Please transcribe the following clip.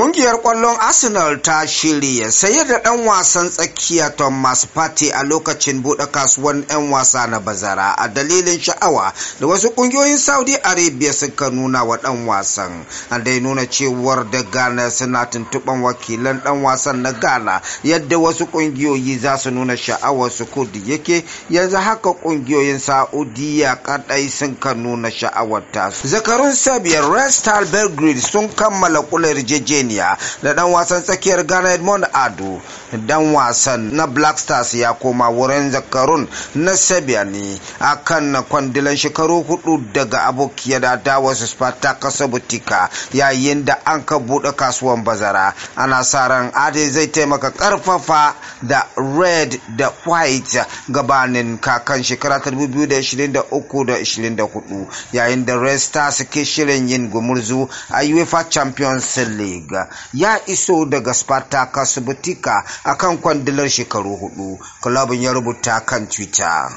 Ƙungiyar ƙwallon Arsenal ta shirya sayar da ɗan wasan tsakiya Thomas Partey a lokacin buɗe kasuwan 'yan wasa na bazara a dalilin sha'awa da wasu ƙungiyoyin Saudi Arabia suka nuna wa ɗan wasan. An dai nuna cewar da Ghana suna tuntuɓan wakilan ɗan wasan na Ghana yadda wasu ƙungiyoyi za su nuna sha'awar su ko da yake yanzu haka ƙungiyoyin Saudiya kaɗai sun ka nuna sha'awar tasu. Zakarun Sabiyar Red Star Belgrade sun kammala kula yarjejeniya yarjejeniya da dan wasan tsakiyar ghana edmond ado dan wasan na black stars ya koma wurin zakarun na serbia ne akan na kwandilan shekaru hudu daga abokiya da Sparta kasa butika yayin da an ka bude kasuwan bazara ana sa ran ade zai taimaka karfafa da red da white gabanin kakan shekara 2023 da 24 yayin da red stars ke shirin yin gumurzu a uefa champions league ya iso daga Sparta kasa butika akan kwandilar shekaru hudu, kulabun ya rubuta kan Twitter.